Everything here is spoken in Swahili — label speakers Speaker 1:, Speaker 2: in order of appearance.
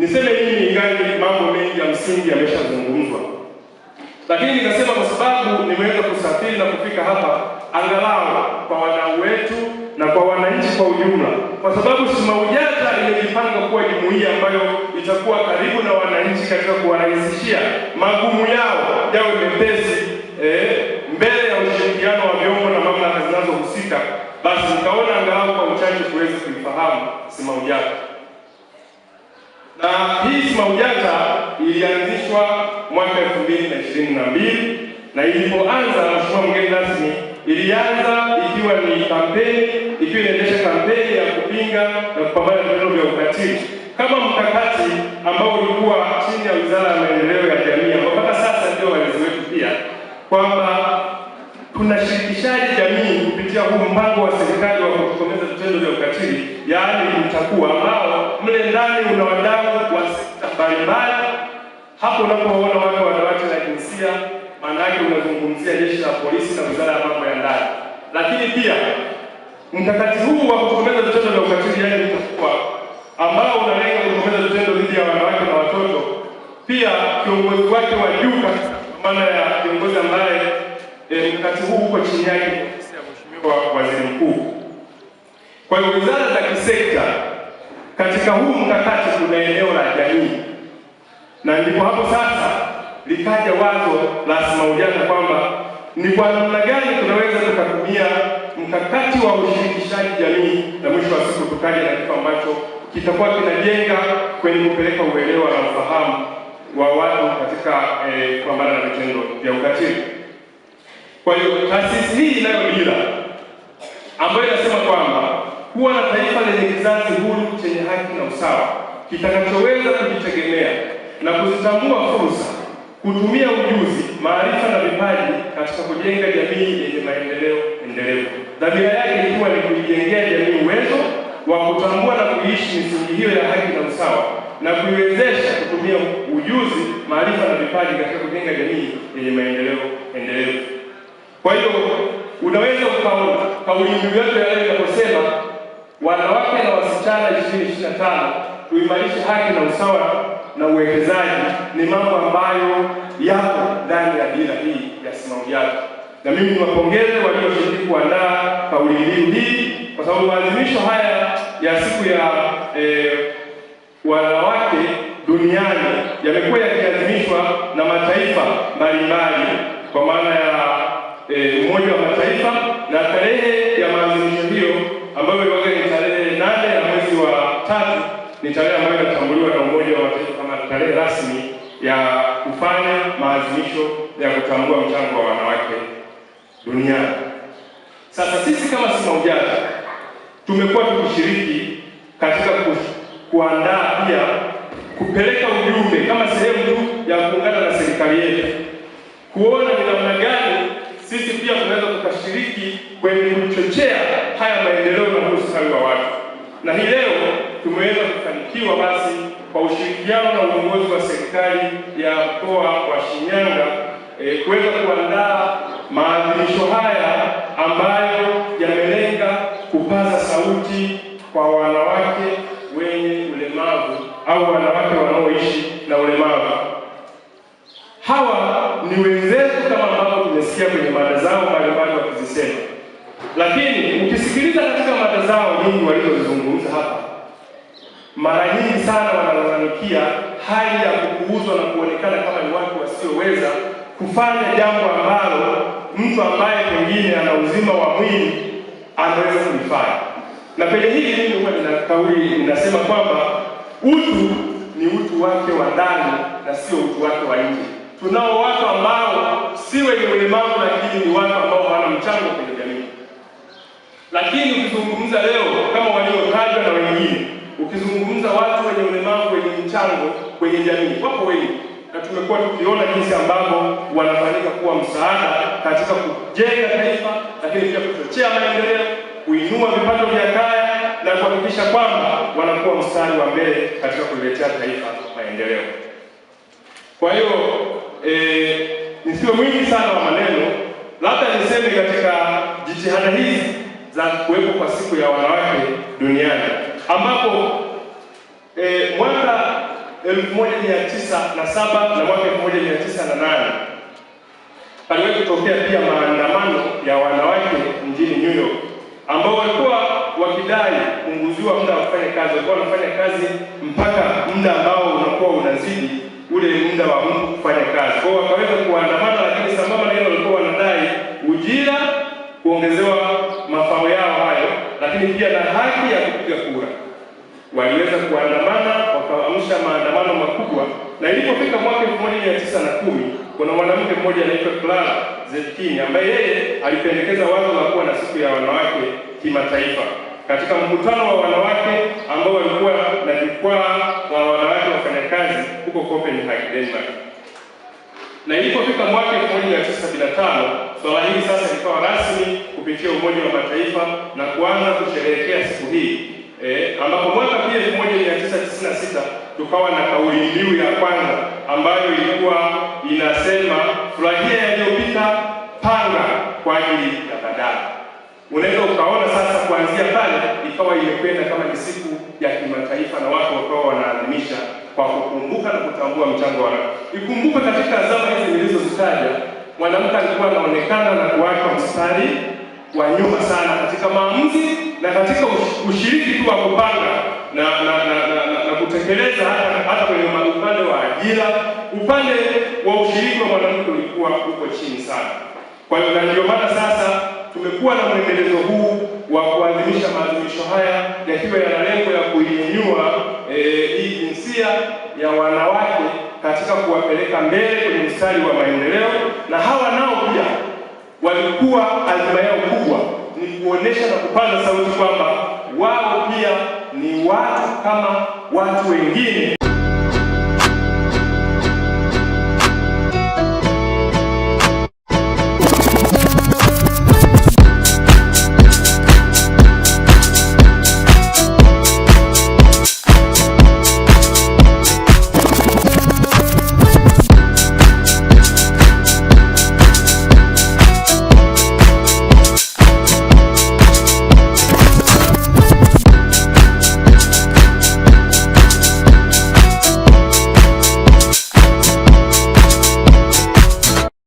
Speaker 1: Niseme nini, ingali mambo mengi ya msingi yameshazungumzwa, lakini nikasema kwa sababu nimeweza kusafiri na kufika hapa, angalau kwa wadau wetu na kwa wananchi kwa ujumla, kwa sababu simaujata imejipanga kuwa jumuiya ambayo itakuwa karibu na wananchi katika kuwarahisishia magumu yao yawe mepesi eh, mbele ya ushirikiano wa vyombo na mamlaka zinazohusika. Basi nikaona angalau kwa uchache kuweza kuifahamu simaujata na hii Sima Ujata ilianzishwa mwaka 2022 na ilipoanza, mheshimiwa mgeni rasmi, ilianza ikiwa ni kampeni, ikiwa inaendesha kampeni ya kupinga na kupambana na vitendo vya ukatili kama mkakati ambao ulikuwa chini ya Wizara ya Maendeleo ya Jamii ambao mpaka sasa ndio walezi wetu pia, kwamba tunashirikishaji jamii kupitia huu mpango wa serikali wa kutokomeza vitendo vya ukatili, yaani MTAKUWA, ambao mle ndani una wadau wa sekta mbalimbali. Hapo unapoona watu wa dawati la jinsia, maana yake unazungumzia jeshi la polisi na wizara ya mambo ya ndani. Lakini pia mkakati huu wa kutokomeza vitendo vya ukatili, yaani MTAKUWA, ambao unalenga kutokomeza vitendo dhidi ya wanawake na watoto, pia kiongozi wake wa juu, kwa maana ya kiongozi ambaye eh, mkakati huu uko chini yake mkuu. Kwa hiyo wizara za kisekta katika huu mkakati kuna eneo la jamii, na ndipo hapo sasa likaja wazo la SMAUJATA kwamba ni kwa namna gani tunaweza tukatumia mkakati wa ushirikishaji jamii, na mwisho wa siku tukaja na kitu ambacho kitakuwa kinajenga kwenye kupeleka uelewa na ufahamu wa watu katika eh, kupambana eh, na vitendo vya ukatili. Kwa hiyo taasisi hii inayo dira kuwa na taifa lenye kizazi huru chenye haki na usawa kitakachoweza kujitegemea na kuzitambua fursa, kutumia ujuzi, maarifa na vipaji katika kujenga jamii yenye maendeleo endelevu, dhamira yake ikiwa ni kuijengea jamii uwezo wa kutambua na kuishi misingi hiyo ya haki na usawa na kuiwezesha kutumia ujuzi, maarifa na vipaji katika kujenga jamii yenye maendeleo endelevu. Kwa hiyo unaweza ukaona kauli mbiu yetu ya inaposema wanawake na wasichana 2025 tuimarishe haki na usawa na uwekezaji ni mambo ambayo yapo ndani ya dira hii ya Simamo Yako, na mimi niwapongeze walioshiriki kuandaa kauli mbiu hii, kwa sababu maadhimisho haya ya siku ya eh, wanawake duniani yamekuwa yakiadhimishwa na mataifa mbalimbali kwa maana ya eh, Umoja wa Mataifa na tarehe ya maadhimisho hiyo ambayo ni tarehe ambayo inatambuliwa na Umoja wa Mataifa kama tarehe rasmi ya kufanya maadhimisho ya kutambua mchango wa wanawake duniani. Sasa sisi kama SMAUJATA tumekuwa tukishiriki katika kuandaa pia kupeleka ujumbe kama sehemu tu ya kuungana na serikali yetu kuona ni namna gani sisi pia tunaweza tukashiriki kwenye kuchochea haya maendeleo na ustawi wa watu, na hii leo tumeweza kufanikiwa basi kwa ushirikiano na uongozi wa serikali ya mkoa wa Shinyanga e, kuweza kuandaa maadhimisho haya ambayo yamelenga kupaza sauti kwa wanawake wenye ulemavu au wanawake wanaoishi na ulemavu. Hawa ni wenzetu kama ambavyo tumesikia kwenye mada zao mbalimbali wakizisema, lakini ukisikiliza katika mada zao nyingi walizozungumza hapa mara nyingi sana wanalalamikia hali ya kupuuzwa na kuonekana kama ni watu wasioweza kufanya jambo ambalo mtu ambaye pengine ana uzima wa mwili anaweza kuifanya. Na penye hili mimi huwa nina kauli ninasema kwamba utu ni utu wake wa ndani na sio utu wake wa nje. Tunao watu ambao si wenye ulemavu, lakini ni watu ambao hawana mchango kwenye jamii. Lakini ukizungumza leo kama waliotajwa na wengine ukizungumza watu wenye ulemavu wenye mchango kwenye jamii, wapo wengi, na tumekuwa tukiona jinsi ambavyo wanafanyika kuwa msaada katika kujenga taifa, lakini pia kuchochea maendeleo, kuinua vipato vya kaya na kuhakikisha kwamba wanakuwa mstari wa mbele katika kuliletea taifa maendeleo. Kwa hiyo eh, nisiwe mwingi sana wa maneno, labda niseme katika jitihada hizi za kuwepo kwa siku ya wanawake duniani ambapo e, mwaka tisa na mwaka nane aliwahi kutokea pia maandamano ya wanawake mjini New York ambao walikuwa wakidai punguziwa muda wa kufanya kazi. Walikuwa wanafanya kazi mpaka muda ambao unakuwa unazidi ule muda wa mtu kufanya kazi kwao, wakaweza kuandamana, lakini sambamba na hilo walikuwa wanadai ujira, kuongezewa lakini pia na haki ya kupiga kura. Waliweza kuandamana wakaamsha maandamano makubwa, na ilipofika mwaka kumi kuna mwanamke mmoja anaitwa Clara Zetkin ambaye yeye alipendekeza wazo la kuwa na siku ya wanawake kimataifa katika mkutano wa wanawake ambao walikuwa na jukwaa wa wanawake wafanyakazi huko Copenhagen, Denmark. Na ilipofika mwaka tano Swala hili sasa likawa rasmi kupitia Umoja wa Mataifa na kuanza kusherehekea siku hii eh, ambapo mwaka pia sita tukawa na kauli mbiu ya kwanza ambayo ilikuwa inasema furahia yaliyopita, panga kwa ajili ya baadaye. Unaweza ukaona sasa kuanzia pale ikawa imekwenda kama ni siku ya kimataifa na watu wakawa wanaadhimisha kwa kukumbuka na kutambua mchango wao. Ikumbuke katika zama hizi nilizozitaja mwanamke alikuwa anaonekana na kuwachwa mstari wa nyuma sana katika maamuzi na katika ushiriki tu wa kupanga na na, na, na, na, na kutekeleza hata hata kwenye upande wa ajira, upande wa ushiriki wa mwanamke ulikuwa uko chini sana. Kwa hiyo na ndio maana sasa tumekuwa na mwendelezo huu wa kuadhimisha maadhimisho haya yakiwa yana lengo ya kuinyanyua eh, hii jinsia ya wanawake katika kuwapeleka mbele kwenye mstari wa maendeleo, na hawa nao pia walikuwa azima yao kubwa ni kuonesha na kupaza sauti kwamba wao pia ni watu kama watu wengine.